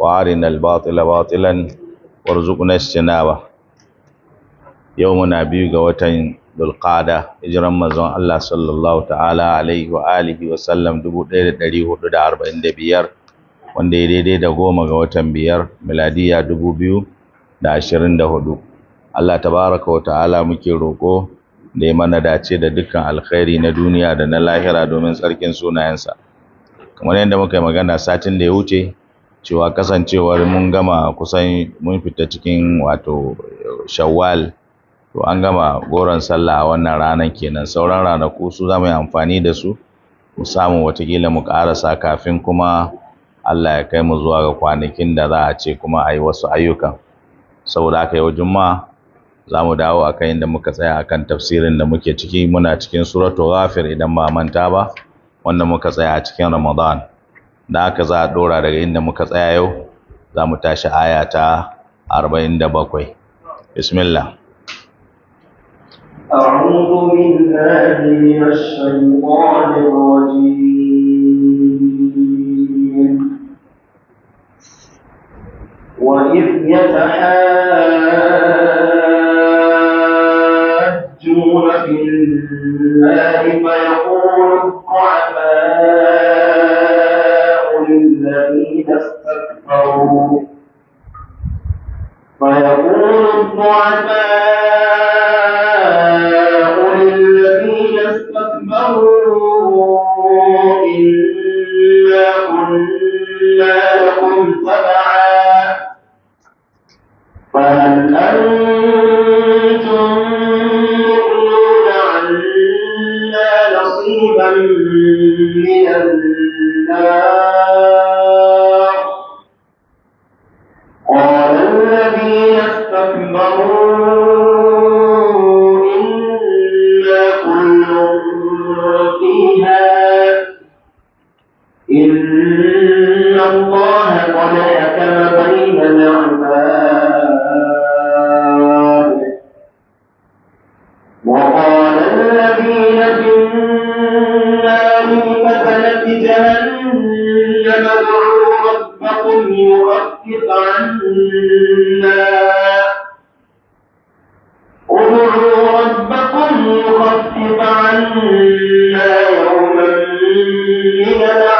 وارنا الباطل باطلا وارزقنا اجتنابه يومنا بيو غوتين dulqada hijiran manzon Allah sallallahu ta'ala alaihi wa alihi wa sallam 1445 wanda ya daidai da goma ga watan biyar miladiya 2024 Allah tabaraka wa ta'ala muke roko da ya mana dace da dukkan alkhairi na duniya da na lahira domin tsarkin sunayensa kamar yadda muka yi magana satin da ya wuce cewa kasancewar mun gama kusan mun fita cikin wato shawwal to an gama goron sallah a wannan ranar kenan sauran ranaku su za mu yi amfani da su mu samu watakila mu karasa kafin kuma Allah ya kai mu zuwa ga kwanakin da za a ce kuma a wasu ayyukan saboda aka yau jummaa, za mu dawo a kan inda muka tsaya akan tafsirin da muke ciki muna cikin suratul ghafir idan ba manta ba wanda muka tsaya a cikin ramadan da haka za a ɗora daga inda muka tsaya yau za mu tashi aya ta arba'in da bakwai bismillah أعوذ بالله من الشيطان الرجيم وإذ يتحاجون في الله فيقول الضعفاء الضعفاء للذين استكبروا menina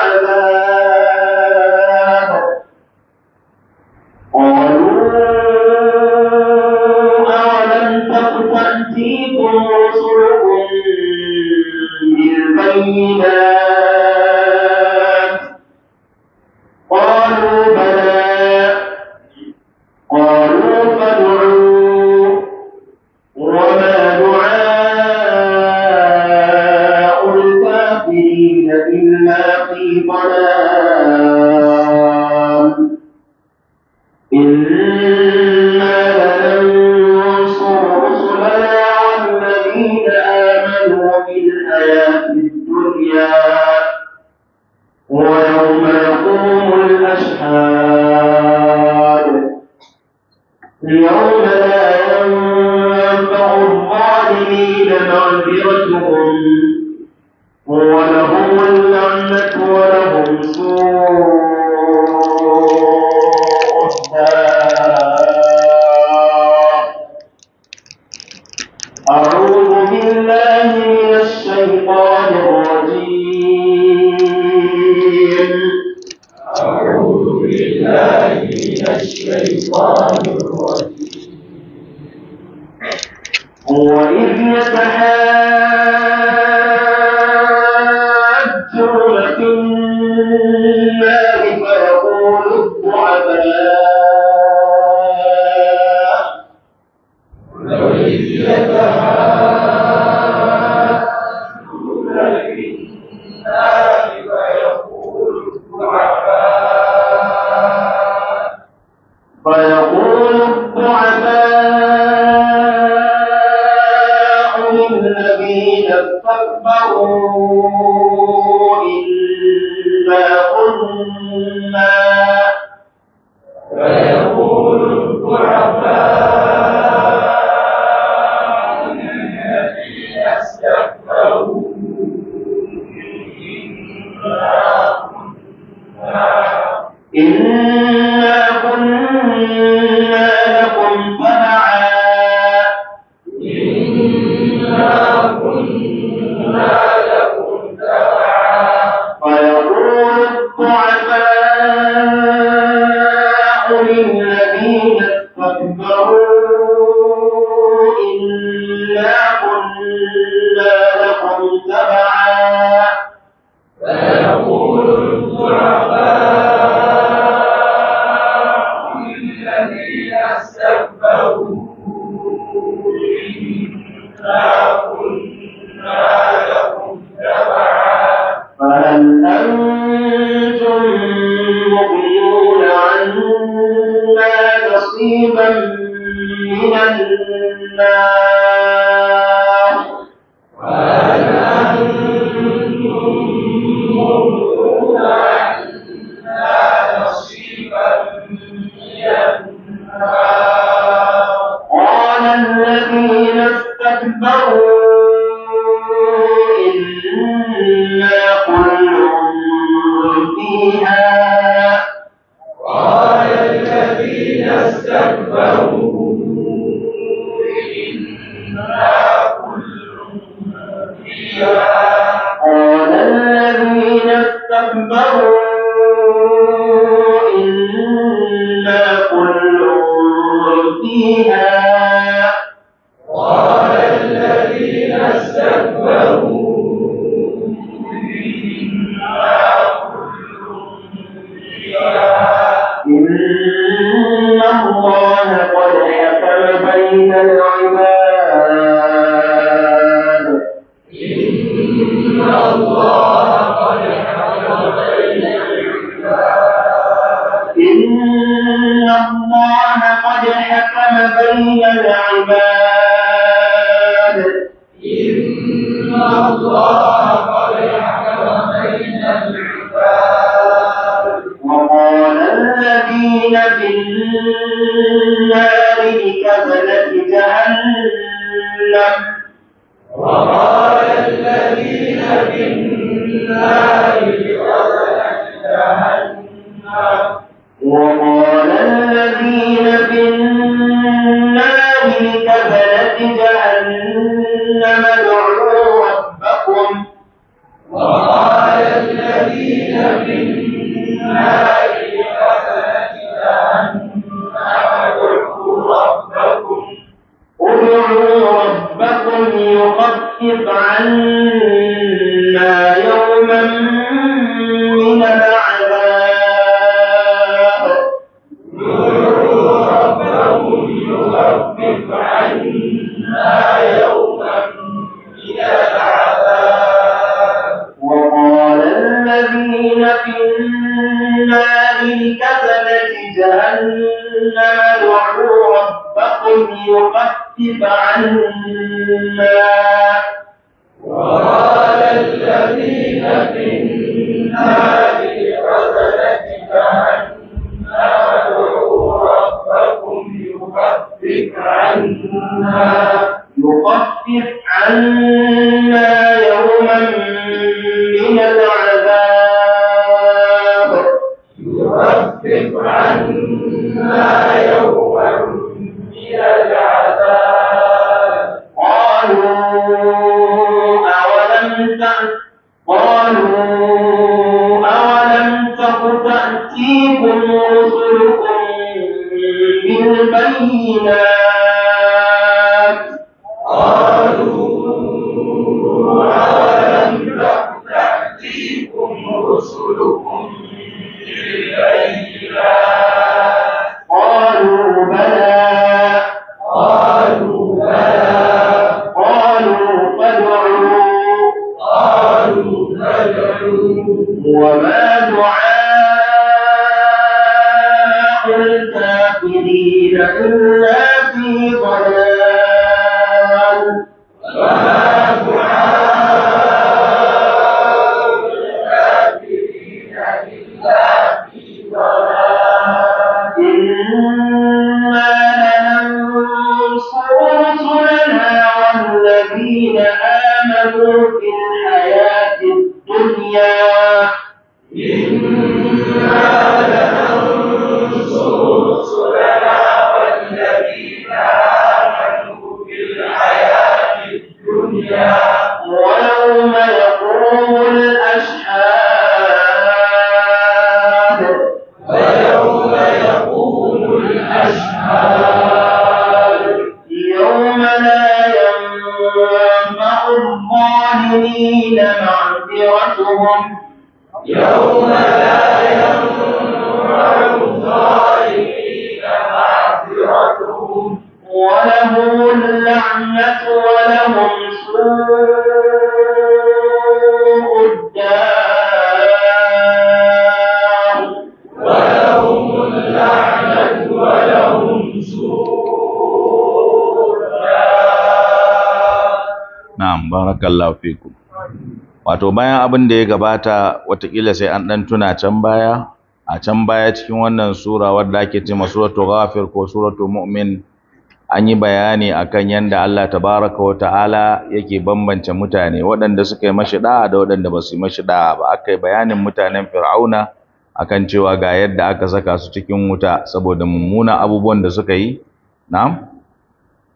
barakallahu fikum wato bayan abin da ya gabata watakila sai an dan tuna can baya a can baya cikin wannan sura wadda ake cewa suratu ghafir ko suratu mu'min an yi bayani akan yanda Allah tabaraka wa ta'ala yake bambance mutane waɗanda suka yi mashi da'a da waɗanda ba su yi mashi da'a ba aka yi bayanin mutanen fir'auna akan cewa ga yadda aka saka su cikin wuta saboda mummuna abubuwan da suka yi na'am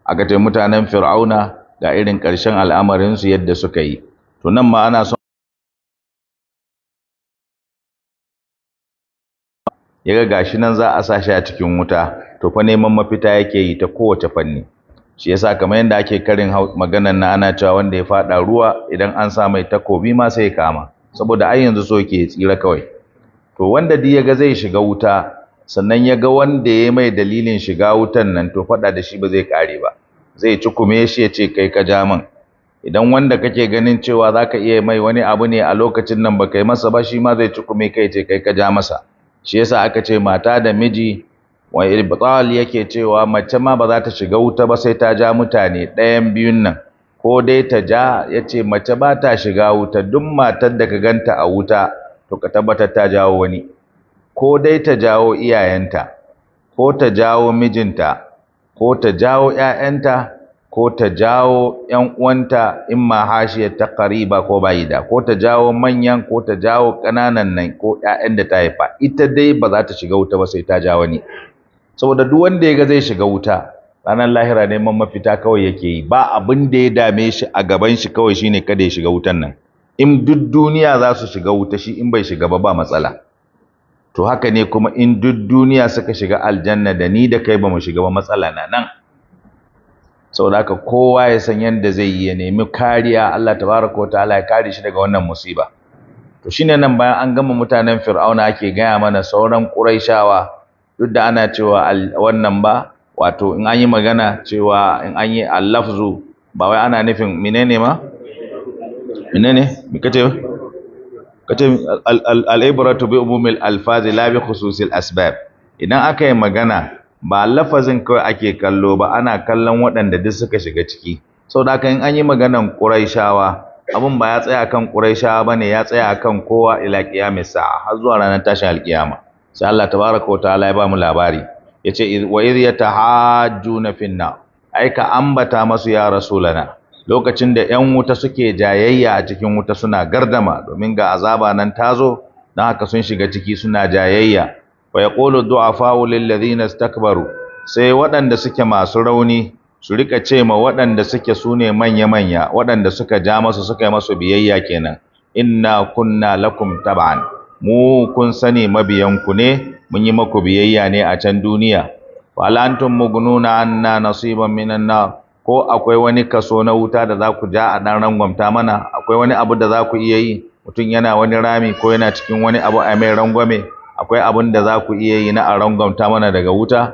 aka ce mutanen fir'auna ga irin ƙarshen al'amarinsu yadda suka yi to nan ma ana son ya ga gashi nan za a sa shi a cikin wuta to fa neman mafita yake yi ta kowace fanni shi yasa kamar yadda ake karin magana na ana cewa wanda ya fada ruwa idan an sa mai takobi ma sai kama saboda ai yanzu so yake tsira kawai to wanda duk yaga zai shiga wuta sannan yaga wanda ya mai dalilin shiga wutan nan to fada da shi ba zai kare ba zai kume shi ya ce kai ka ja min idan wanda kake ganin cewa za ka iya mai wani abu ne a lokacin nan baka yi masa ba shi ma zai kume kai ce kai ka ja masa shi yasa aka ce mata da miji wa irbital yake cewa mace ma ba za ta shiga wuta ba sai ta ja mutane ɗayan biyun nan ko dai ta ja ya ce mace ba ta shiga wuta duk matar da ka ganta a wuta to ka tabbatar ta jawo wani ko dai ta jawo iyayenta ko ta jawo mijinta ko ta jawo ‘ya'yanta ko ta jawo 'yan'uwanta in ma hashiyar ta kariba ko bayida ko ta jawo manyan ko ta jawo ƙananan nan ko ‘ya'yan da ta haifa ita dai ba za ta shiga wuta ba sai ta ja wani saboda duk wanda ya ga zai shiga wuta ranar lahira neman mafita kawai yake yi ba abin da ya dame shi a gaban shi kawai shine kada ya shiga wutan nan in duk duniya za su shiga wuta shi in bai shiga ba ba matsala to haka ne kuma in duk duniya suka shiga aljanna da ni da kai ba mu shiga ba matsala na nan saboda haka kowa ya san yadda zai yi ya nemi kariya Allah tabaraka wa ta'ala ya kare shi daga wannan musiba to shine nan bayan an gama mutanen fir'auna ake gaya mana sauran quraishawa duk da ana cewa wannan ba wato in an yi magana cewa in an yi allafzu ba wai ana nufin menene ma menene me kace al'ibratu bi umumil alfazi labi khususil asbab idan aka yi magana ba lafazin kawai ake kallo ba ana kallon waɗanda duk suka shiga ciki Sau da in an yi maganan shawa, abin ba ya tsaya kan ba ne ya tsaya kan kowa ila qiyamis sa'a har zuwa ranar tashin alkiyama sai Allah tabaraka wa ta'ala ya ba mu labari ce wa iri ya hajju na finna aika ambata masu ya rasulana lokacin da ‘yan wuta suke jayayya a cikin wuta suna gardama domin ga azaba nan tazo, don haka sun shiga ciki suna jayayya wa ya ƙolo du'afawu lillazina istakbaru sai waɗanda suke masu rauni su rika ce ma waɗanda suke su ne manya-manya waɗanda suka ja masu suka yi masu biyayya kenan inna kunna lakum tab'an mu kun sani mabiyan ku ne mun yi maku biyayya ne a can duniya fa la antum mugununa anna nasiban minan nar ko akwai wani kaso na wuta da za ku ja a ɗan rangwamta mana akwai wani abu da za ku iya yi mutum yana wani rami ko yana cikin wani abu a mai rangwame akwai abin da za ku iya yi na a rangwamta mana daga wuta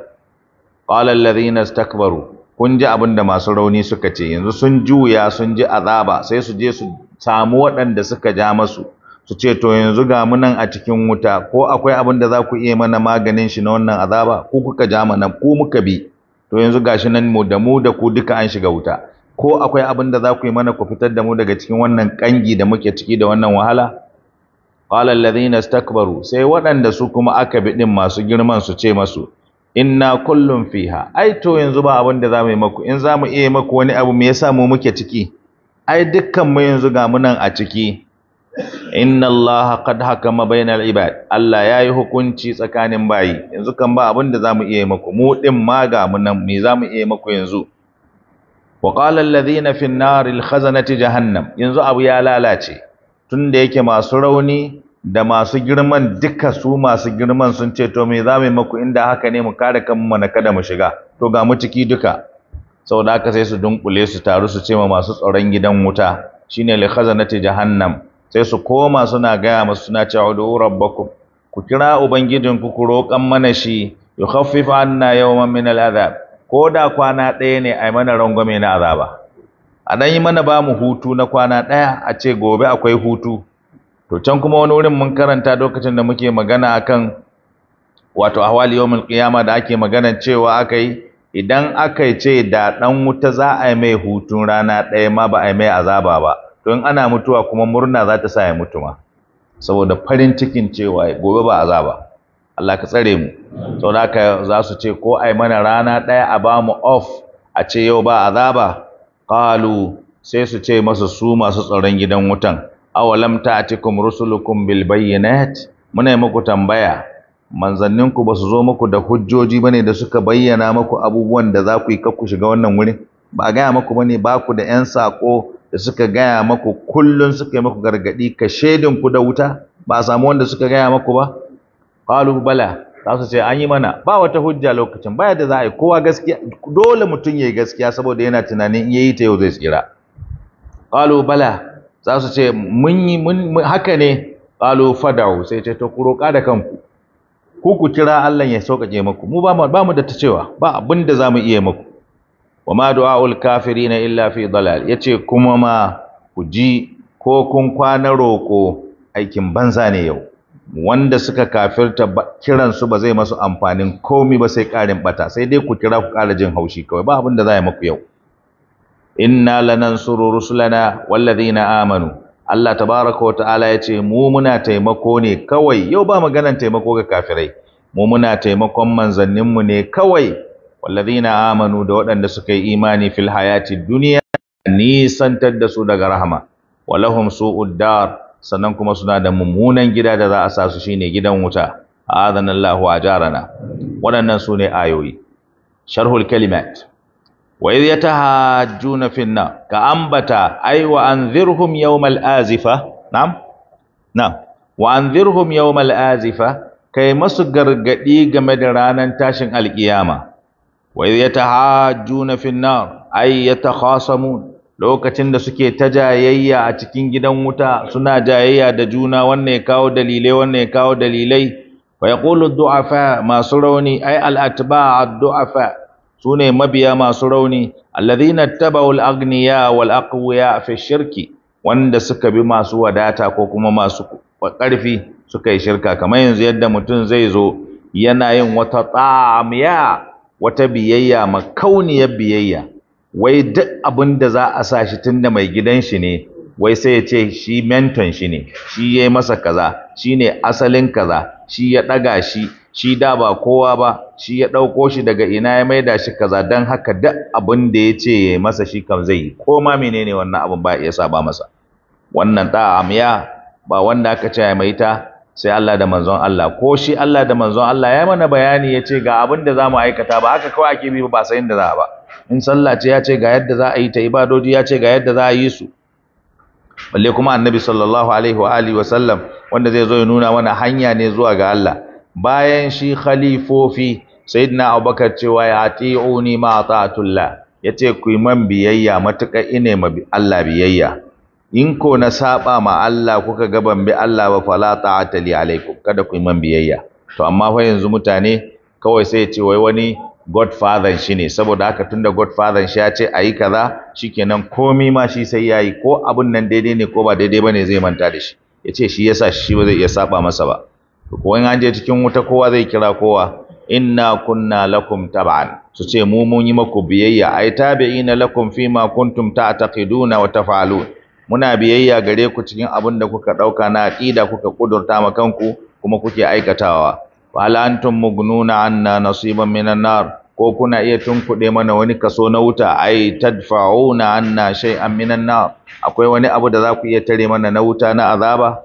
ƙwalar alladhina istakbaru kun ji abin da masu rauni suka ce yanzu sun juya sun ji azaba sai su je su samu waɗanda suka ja masu su ce to yanzu ga mu nan a cikin wuta ko akwai abin da za ku iya mana maganin shi na wannan azaba Ko kuka ja mana ku muka bi to yanzu gashi nan mu da mu da ku duka an shiga wuta ko akwai abin da za ku yi mana ku fitar da mu daga cikin wannan kangi da muke ciki da wannan wahala qala alladhina istakbaru sai waɗanda su kuma aka bi din masu girman su ce masu inna kullum fiha ai to yanzu ba abin da za mu yi maku in za mu iya maku wani abu me yasa mu muke ciki ai dukkan mu yanzu ga munan a ciki inna allaha qad hakama bainal ibad Allah yayi hukunci tsakanin bayi yanzu kan ba abin da zamu iya maku mu din ma ga mu me zamu iya maku yanzu wa qala alladhina fi an-naril khazanati jahannam yanzu abu ya lalace tunda yake masu rauni da masu girman duka su masu girman sun ce to me zamu maku inda haka ne mu kare kanmu na kada mu shiga to ga mu ciki duka saboda haka sai su dunkule su taru su ce ma masu tsaron gidan wuta shine li khazanati jahannam sai su koma suna gaya masu suna cewa duhu rabbakum ku kira Ubangijin ku roƙan mana shi na yau man min lada. ko da kwana ɗaya ne a yi mana rangwame na azaba a ɗan yi mana bamu hutu na kwana ɗaya a ce gobe akwai hutu to can kuma wani wurin mun karanta lokacin da muke magana akan wato ahwali yawmul qiyama da ake magana cewa aka yi, idan aka ce da ɗan wuta za a yi mai hutun rana ɗaya ma ba a yi mai azaba ba to in ana mutuwa kuma murna za ta sa ya mutu ma saboda farin cikin cewa gobe ba azaba Allah ka tsare mu saboda haka za su ce ko ai mana rana ɗaya a ba mu off a ce yau ba azaba qalu sai su ce masu su masu tsaron gidan wutan awalam ta'tikum rusulukum bil bayyinat muna muku tambaya manzanninku ba su zo muku da hujjoji ne da suka bayyana muku abubuwan da za ku yi kakku shiga wannan wurin ba a gaya muku bane ba ku da 'yan sako da suka gaya maku kullun suka yi maku gargadi ka shedin ku da wuta ba a samu wanda suka gaya maku ba qalu bala za su ce an yi mana ba wata hujja lokacin baya da za a yi kowa gaskiya dole mutum ya yi gaskiya saboda yana tunanin in yayi ta yau zai tsira qalu bala za su ce mun yi haka ne qalu fadau sai ce to ku roƙa da kanku ku ku kira Allah ya sauƙaƙe maku mu ba mu da ta cewa ba abin da za mu iya maku wa ma du'a'ul kafirina illa fi dalal yace kuma ma ku ji ko kun kwana roko aikin banza ne yau wanda suka kafirta kiran su ba zai masu amfanin komi ba sai karin bata sai dai ku kira ku kara jin haushi kawai ba abin da za a yi muku yau inna lanansuru rusulana wallazina amanu Allah tabaraka wa ta'ala yace mu muna taimako ne kawai yau ba maganan taimako ga kafirai mu muna taimakon manzanninmu ne kawai walladhina amanu da waɗanda suka yi imani fil hayati duniya nisantar da su daga rahama walahum su'ud dar sannan kuma suna da mummunan gida da za a sa su shine gidan wuta adana Allahu ajarana waɗannan su ne ayoyi sharhul kalimat wa idh yatahajjuna fin nar ka ambata ay wa anzirhum yawmal azifa na'am na'am wa anzirhum yawmal azifa kai masu gargadi game da ranar tashin alkiyama wa yatahajjuna fin nar ay yatakhasamun lokacin da suke ta jayayya a cikin gidan wuta suna jayayya da juna wannan ya kawo dalilai wannan ya kawo dalilai fa yaqulu du'afa masu rauni ay al atba' ad du'afa sune mabiya masu rauni alladhina tabau al aghniya wal aqwiya fi shirki wanda suka bi masu wadata ko kuma masu karfi suka yi shirka kamar yanzu yadda mutum zai zo yana yin wata tsamiya wata biyayya makauniyar biyayya wai duk abin da za a sa shi da mai gidan shi ne wai sai ya ce shi menton shi ne shi ya yi masa kaza shi ne asalin kaza shi ya ɗaga shi shi da ba kowa ba shi ya ɗauko shi daga ina ya maida shi kaza don haka duk abin da ya ce ya yi masa shi kam zai yi ko ma menene wannan abin ba ya saba masa wannan amiya ba wanda aka ce ya maita. sai Allah da manzon Allah ko shi Allah da manzon Allah ya mana bayani ya ce ga abin da za mu aikata ba haka kawai ake bi ba sai da za ba in sallah ce ya ce ga yadda za a yi ta ibadoji ya ce ga yadda za a yi su balle kuma annabi sallallahu alaihi wa alihi wa sallam wanda zai zo ya nuna mana hanya ne zuwa ga Allah bayan shi khalifofi sayyidina Abubakar cewa ya ati'uni ma ata'atullah yace ku yi man biyayya matuƙa ine ma Allah biyayya in ko na saba ma Allah kuka ga ban bi Allah ba fala ta'ata li alaikum kada ku yi man biyayya to amma fa yanzu mutane kawai sai ce wai wani godfather shi ne saboda haka tunda godfather shi ya ce ayi kaza shikenan komi ma shi sai yayi ko abun nan daidai ne ko ba daidai bane zai manta da shi Ya ce shi yasa shi ba zai iya saba masa ba to ko in an je cikin wuta kowa zai kira kowa inna kunna lakum tab'an su ce mu mun yi maku biyayya ai tabi'ina lakum fima kuntum ta'taqiduna wa taf'alun muna biyayya gare ku cikin abin da kuka ɗauka na aƙida kuka ƙudurta ma kanku kuma kuke aikatawa wa hal antum mugnuna anna nasiban minan nar ko kuna iya tunkuɗe mana wani kaso na wuta ai tadfa'una anna shay'an minan nar akwai wani abu da za ku iya tare mana na wuta na azaba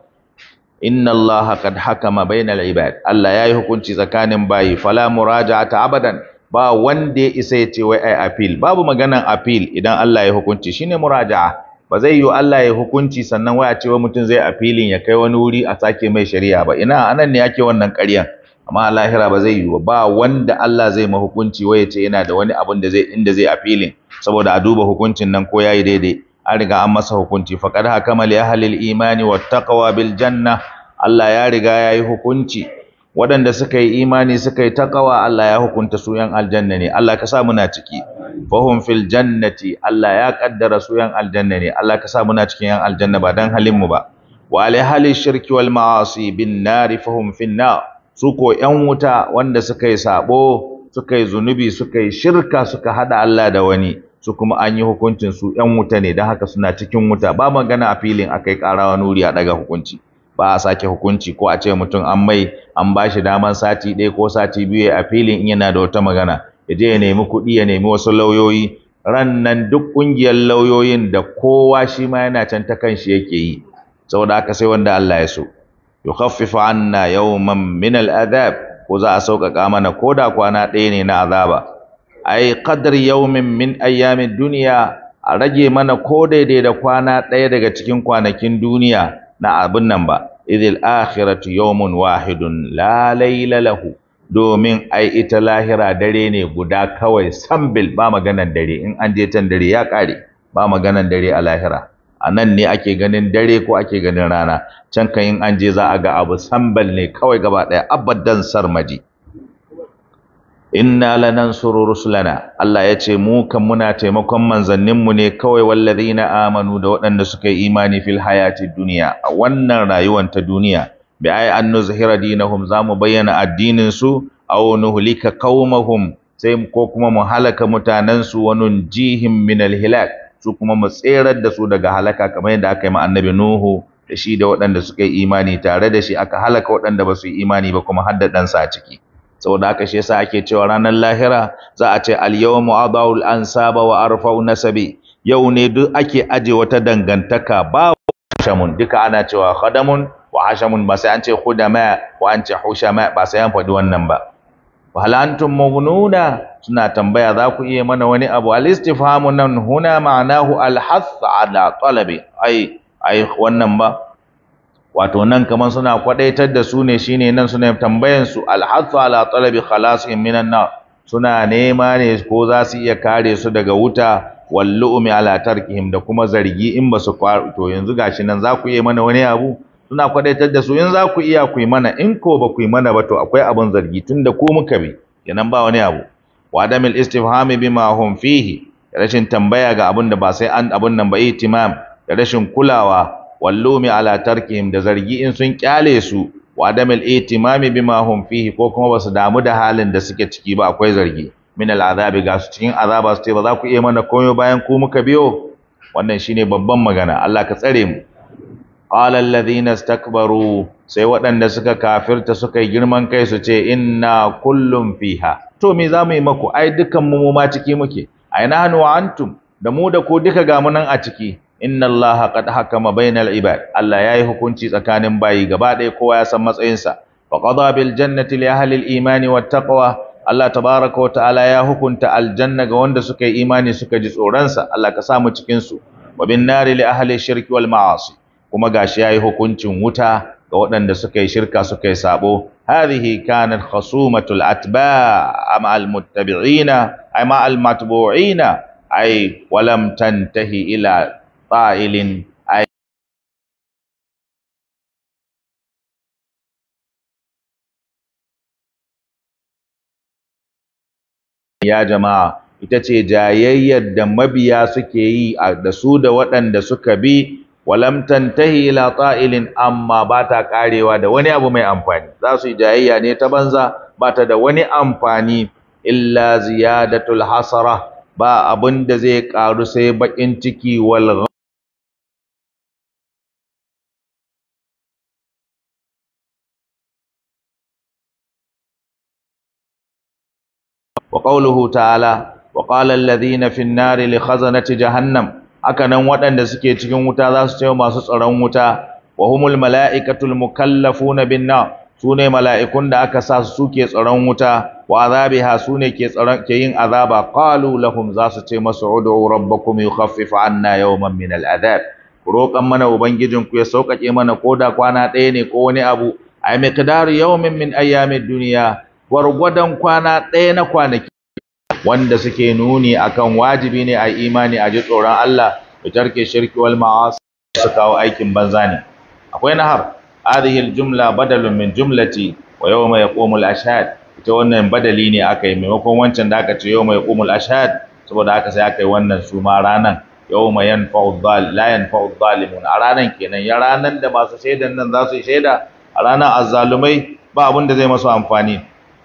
inna Allah ma hakama bainal ibad Allah yayi hukunci tsakanin bayi fala muraja'ata abadan ba wanda ya isa ya ce wai ai appeal babu maganan appeal idan Allah ya hukunci shine muraja'a ba zai yi Allah ya hukunci sannan waya cewa mutum zai a filin ya kai wani wuri a sake mai shari'a ba ina anan ne ake wannan ƙaryan amma a lahira ba zai yi ba wanda Allah zai ma hukunci waya ce yana da wani abun da zai inda zai a filin saboda a duba hukuncin nan ko yayi daidai an riga an masa hukunci faqad hakama li ahlil imani taqwa bil janna Allah ya riga yayi hukunci waɗanda suka yi imani suka yi taqwa Allah ya hukunta su yan aljanna ne Allah ka sa muna ciki fahum fil jannati Allah ya kaddara su yan aljanna ne Allah ka sa muna cikin yan aljanna ba dan halin mu ba wa ala hali shirki wal ma'asi bin nari fahum fil nar su ko yan wuta wanda suka yi sabo suka yi zunubi suka yi shirka suka hada Allah da wani su kuma an yi hukuncin su yan wuta ne dan haka suna cikin wuta ba magana a filin akai karawa nuri a daga hukunci ba a sake hukunci ko a ce mutum an mai an bashi daman sati ɗaya ko sati biyu a filin in yana da wata magana ya je ya nemi kuɗi ya nemi wasu lauyoyi ran nan duk ƙungiyar lauyoyin da kowa shi ma yana can ta kan shi yake yi saboda haka sai wanda Allah ya so yukhaffifu anna yawman min al'adab ko za a sauƙaƙa mana ko da kwana ɗaya ne na azaba ai qadar yawmin min ayyamin duniya a rage mana ko daidai da kwana ɗaya daga cikin kwanakin duniya na abin nan ba idil akhiratu yawmun wahidun la layla lahu domin ai ita lahira dare ne guda kawai sambil ba maganan dare in an je can dare ya kare, ba maganan dare a lahira a nan ne ake ganin dare ko ake ganin rana can kan in an je za a ga abu sambal ne kawai gaba ɗaya abadan sarmaji inna lanansuru rusulana Allah ya ce mu kan muna taimakon manzanninmu ne kawai wallazina amanu da waɗanda suka yi imani fil hayati duniya a wannan rayuwar ta duniya bi ay an nuzhira dinahum zamu bayyana addinin su aw nuhlika qaumahum sai ko kuma mu halaka mutanen su wa nunjihim min alhilak su kuma mu tserar da su daga halaka kamar yadda aka yi ma annabi nuhu da shi da waɗanda suka yi imani tare da shi aka halaka waɗanda ba su yi imani ba kuma har da ɗansa a ciki saboda haka shi yasa ake cewa ranar lahira za a ce al-yawmu adawul ansaba wa arfa'u nasabi yau ne duk ake aje wata dangantaka ba shamun duka ana cewa khadamun wa hashamun ba sai an ce hudama ko an ce hushama ba sai an faɗi wannan ba wa hal antum mughnuna suna tambaya za ku iya mana wani abu al istifhamu nan huna ma'anahu al ala talabi ai ai wannan ba wato nan kaman suna kwadaitar da su ne shine nan suna tambayan su al ala talabi khalasin minan nar suna nema ne ko za su iya kare su daga wuta wallu'umi ala tarkihim da kuma zargi in ba su to yanzu gashi nan za ku iya mana wani abu suna kwadaitar da su in za ku iya ku yi mana in ko ba ku yi mana ba to akwai abin zargi tun da ko muka bi kenan ba wani abu wa damil istifhami bima hum fihi rashin tambaya ga abin da ba sai an abun nan ba itimam da rashin kulawa wallumi ala tarkihim da zargi in sun kyale su wa itimami itimami bima hum fihi ko kuma ba su damu da halin da suke ciki ba akwai zargi min azabi ga su cikin azaba su ce ba za ku iya mana komai bayan ku muka biyo wannan shine babban magana Allah ka tsare mu قال الذين استكبروا sai waɗanda suka kafirta suka yi girman kai su ce inna kullum fiha to me za mu yi maku ai dukan mu ma ciki muke ai nahnu wa antum da mu da ku duka ga mu nan a ciki inna Allah qad hakama bainal ibad allah ya yi hukunci tsakanin bayi gaba ɗaya kowa ya san sa fa qada bil jannati li ahli al imani wat taqwa Allah tabaraka wa ta'ala ya hukunta aljanna ga wanda suka yi imani suka ji tsoronsa Allah ka sa mu cikin su wa bin nari li ahli shirki wal ma'asi kuma gashi yayi hukuncin wuta ga waɗanda suka yi shirka suka yi sabo hadhihi kanat khasumatul atba ama al muttabi'ina ay ma al matbu'ina ay walam tantahi ila ta'ilin ya jama'a ita ce jayayyar da mabiya suke yi da su da waɗanda suka bi walam tantahi ila ta'ilin amma ba ta karewa da wani abu mai amfani za su yi jayayya ne ta banza ba ta da wani amfani illa ziyadatul hasara ba abin da zai ƙaru sai baƙin ciki wal وقوله تعالى وقال الذين في النار لخزنة جهنم haka nan waɗanda suke cikin wuta za su ce masu tsaron wuta wa humul mala'ikatul mukallafuna bin nar sune mala'ikun da aka sa su suke tsaron wuta wa azabiha sune ke tsaron ke yin azaba qalu lahum za su ce masu ud'u rabbakum yukhaffif anna yawman min al'adab roƙan mana ubangijinku ya sauƙaƙe mana ko da kwana ɗaya ne ko wani abu ai miqdaru yawmin min ayyamid duniya gwargwadon kwana ɗaya na kwanaki wanda suke nuni akan wajibi ne a imani a ji tsoron Allah da tarke shirki wal ma'asi su kawo aikin banza ne akwai nahar hadhihi al jumla badalun min jumlati wa yawma yaqumu al ashhad ita wannan badali ne aka yi maimakon wancan da aka ce yawma yaqumu al ashhad saboda aka sai aka yi wannan su ma ranan yawma yanfa'u dhal la yanfa'u dhalimun a ranan kenan ya ranan da masu shaidan nan za su shaida a ranan azzalumai ba abin da zai masu amfani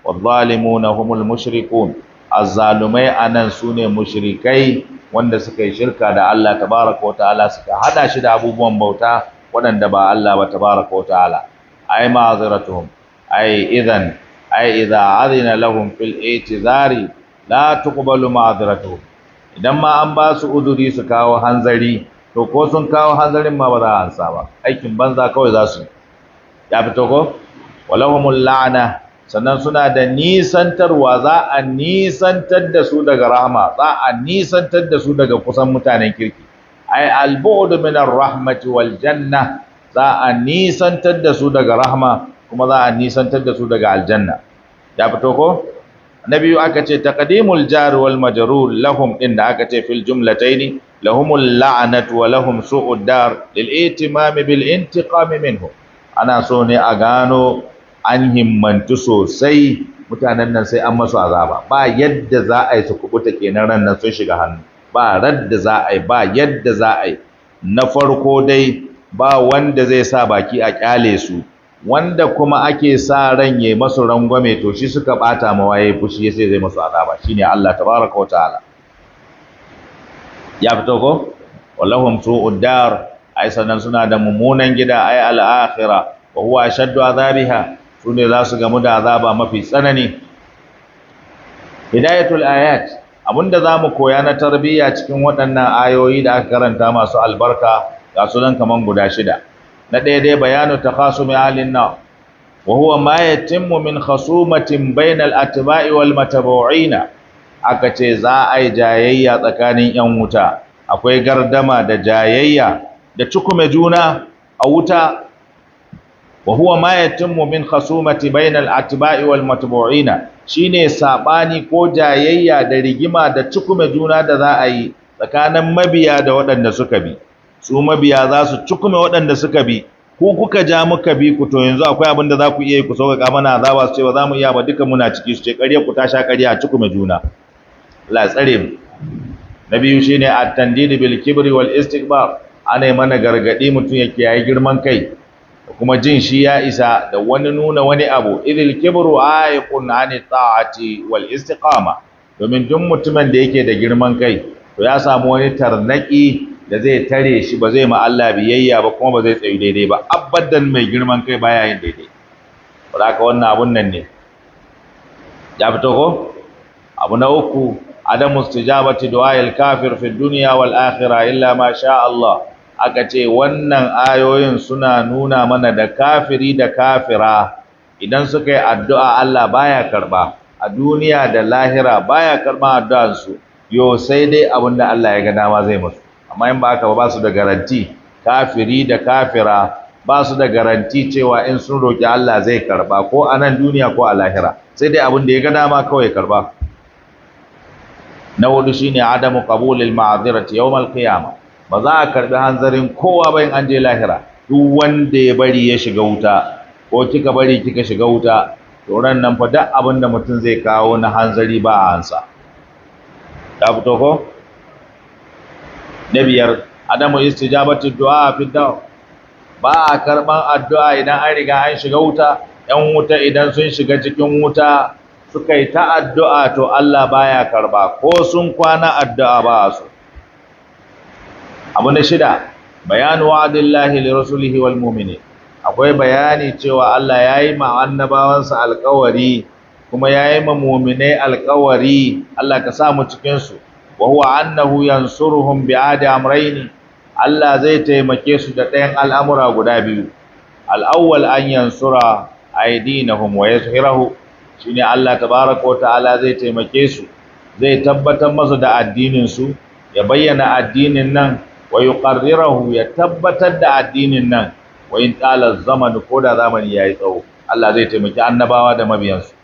والظالمون هم المشركون azzalumai anan sune mushrikai wanda suka yi shirka da Allah tabaraka wa ta'ala suka hada shi da abubuwan bauta waɗanda ba Allah ba tabaraka wa ta'ala ai ma'azratuhum ai idan ai idza adina lahum fil i'tizari la tuqbalu ma'azratuhum idan ma an ba su uzuri su kawo hanzari to ko sun kawo hanzarin ma ba za a ansa ba aikin banza kawai za su ya fito ko walahumul la'ana sannan suna da nisantarwa za a nisantar da su daga rahama za a nisantar da su daga kusan mutanen kirki ai albu'd min ar-rahmati wal janna za a nisantar da su daga rahama kuma za a nisantar da su daga aljanna ya fito ko na biyu aka ce taqdimul jar wal majrur lahum inda aka ce fil jumlataini lahumul la'natu wa lahum su'ud dar lil ihtimam bil intiqam minhu ana so ne a gano an himmantu sosai mutanen nan sai an masu azaba ba yadda za a yi su kubuta kenan ran nan sun shiga hannu ba radda za a yi ba yadda za a yi na farko dai ba wanda zai sa baki a kyale su wanda kuma ake sa ran yayi masu rangwame to shi suka bata ma waye fushi sai zai masu azaba shine Allah tabaraka wataala ya fito ko wallahum su'ud dar ai sannan suna da mummunan gida ai al-akhirah wa huwa ashaddu azabiha su ne za su gamu da azaba mafi tsanani hidayatul ayat abinda za mu koya na tarbiyya cikin waɗannan ayoyi da aka karanta masu albarka ga su nan kaman guda shida na ɗaya dai bayanu takhasumi halin nar wa huwa ma yatimmu min khasumatin bainal atba'i wal matabu'ina aka ce za a yi jayayya tsakanin yan wuta akwai gardama da jayayya da cukume juna a wuta wa huwa ma min khasumati bainal atba'i wal matbu'ina shine saɓani, ko jayayya da rigima da cikume juna da za a yi tsakanin mabiya da waɗanda suka bi su mabiya za su cikume waɗanda suka bi ku kuka ja muka bi ku to yanzu akwai abin da za ku iya yi ku kama mana azaba su ce za mu iya ba duka muna ciki su ce ƙarya ku tasha ƙarya cikume juna la tsare mu na biyu shine at-tandid bil kibri wal istikbar ana mana gargadi mutum ya kiyaye girman kai kuma jin shi ya isa da wani nuna wani abu idil kibru aiqun an ta'ati wal istiqama domin duk mutumin da yake da girman kai to ya samu wani tarnaki da zai tare shi ba zai ma Allah biyayya ba kuma ba zai tsayi daidai ba abadan mai girman kai baya yin daidai ka wannan abun nan ne ya fito ko abu na uku adamu istijabati du'a al kafir fi dunya wal akhirah illa ma sha Allah aka ce wannan ayoyin suna nuna mana da kafiri da kafira idan suka yi addu'a Allah baya karba a duniya da lahira baya karba addu'ansu yo sai dai abin da Allah ya ga dama zai musu amma in ba ba su da garanti kafiri da kafira ba su da garanti cewa in sun roƙi Allah zai karba ko a nan duniya ko a lahira sai dai abin da ya ga dama kawai karba na shi shine adamu qabulil ma'azirati yawmal qiyamah ba za a karbi hanzarin kowa ba in an je lahira duk wanda ya bari ya shiga wuta ko kika bari kika shiga wuta to ran nan fa duk abin da mutum zai kawo na hanzari ba a hansa ta fito ko na biyar adamu istijabatu du'a fi da'a ba a karban addu'a idan an riga an shiga wuta ‘yan wuta idan sun shiga cikin wuta suka yi ta addu'a to Allah baya karba ko sun kwana addu'a ba su abu na shida bayanu wa'adillahi li rasulihi wal mu'minin akwai bayani cewa Allah ya yi ma annabawansa alkawari kuma ya yi ma mu'minai alkawari Allah ka sa mu cikin su wa huwa annahu yansuruhum bi adi Allah zai taimake su da ɗayan al'amura guda biyu al'awwal an yansura aidinahum wa yuzhirahu shine Allah tabaraka wa ta'ala zai taimake su zai tabbatar masa da addinin su ya bayyana addinin nan wa yuqarrirahu ya tabbatar da addinin nan wa in tala zaman ko da zamani yayi tsawo Allah zai taimaki annabawa da mabiyansu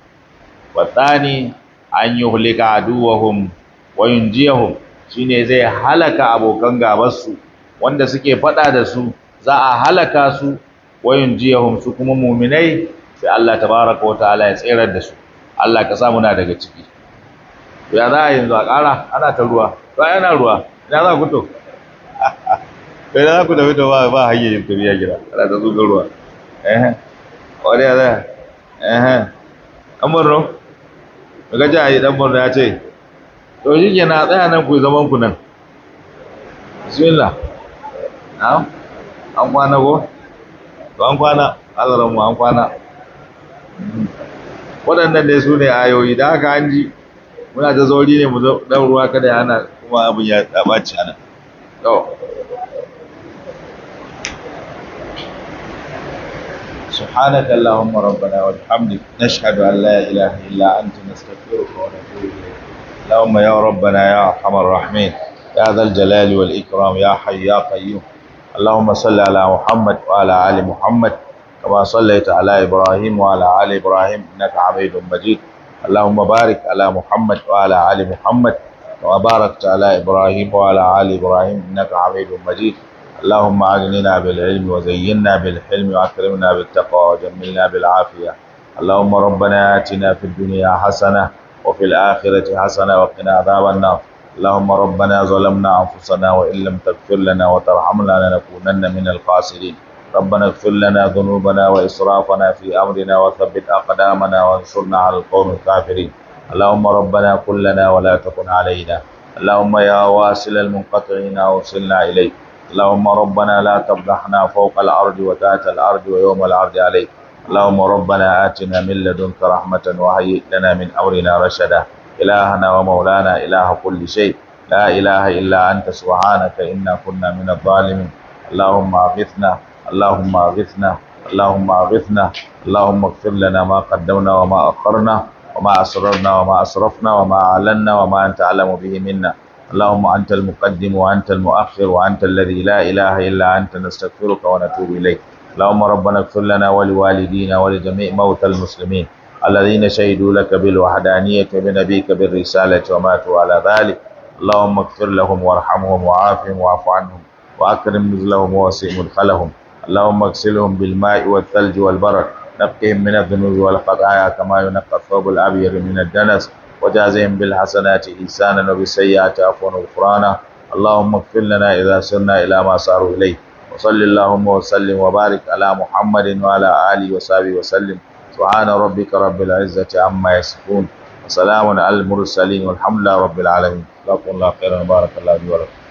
wa tsani an yuhlika aduwahum wa yunjiyahum shine zai halaka abokan su, wanda suke fada da su za a halaka su wa yunjiyahum su kuma mu'minai sai Allah tabaraka wa ta'ala ya tsirar da su Allah ka samu muna daga ciki ya za a yanzu a ƙara ana ta ruwa to yana ruwa ina za ku to kai da ku tafi da ba hayye yin tafiya gida ana ta zuga ruwa eh wani ada eh an borno daga ji ayi dan borno ya ce to shi ke na tsaya nan ku zaman ku nan bismillah na'am an kwana ko to an kwana alaran mu an kwana waɗannan ne su ne ayoyi da haka an ji muna ta zauri ne mu ɗan ruwa kada ya hana kuma abin ya ɓaci a nan اه سبحانك اللهم ربنا وبحمدك نشهد ان لا اله الا انت نستغفرك ونتوب اليك اللهم يا ربنا يا ارحم الراحمين يا ذا الجلال والاكرام يا حي يا قيوم اللهم صل على محمد وعلى ال محمد كما صليت على ابراهيم وعلى ال ابراهيم انك حميد مجيد اللهم بارك على محمد وعلى ال محمد وباركت على إبراهيم وعلى آل إبراهيم إنك حميد مجيد اللهم أغننا بالعلم وزينا بالحلم وأكرمنا بالتقوى وجملنا بالعافية اللهم ربنا آتنا في الدنيا حسنة وفي الآخرة حسنة وقنا عذاب النار اللهم ربنا ظلمنا أنفسنا وإن لم تغفر لنا وترحمنا لنكونن من الخاسرين ربنا اغفر لنا ذنوبنا وإسرافنا في أمرنا وثبت أقدامنا وانصرنا على القوم الكافرين اللهم ربنا كلنا لنا ولا تكن علينا اللهم يا واصل المنقطعين اوصلنا اليك اللهم ربنا لا تفضحنا فوق الارض وتحت الارض ويوم العرض عليك اللهم ربنا آتنا من لدنك رحمة وهيئ لنا من أمرنا رشدا إلهنا ومولانا إله كل شيء لا إله إلا أنت سبحانك إنا كنا من الظالمين اللهم أغثنا اللهم أغثنا اللهم أغثنا اللهم اغفر لنا ما قدمنا وما أخرنا وما أسررنا وما أسرفنا وما أعلنا وما أنت أعلم به منا اللهم أنت المقدم وأنت المؤخر وأنت الذي لا إله إلا أنت نستغفرك ونتوب إليك اللهم ربنا اغفر لنا ولوالدينا ولجميع موتى المسلمين الذين شهدوا لك بالوحدانية بنبيك بالرسالة وماتوا على ذلك اللهم اغفر لهم وارحمهم وعافهم واعف عنهم وأكرم نزلهم ووسع مدخلهم اللهم اغسلهم بالماء والثلج والبرد نقهم من الذنوب والخطايا كما ينقى الثوب الأبيض من الدنس وجازهم بالحسنات إنسانا وبالسيئات عفوا غفرانا اللهم اغفر لنا إذا سرنا إلى ما صاروا إليه وصل اللهم وسلم وبارك على محمد وعلى آله وصحبه وسلم سبحان ربك رب العزة عما يصفون وسلام على المرسلين والحمد لله رب العالمين جزاكم الله خيرا وبارك الله فيكم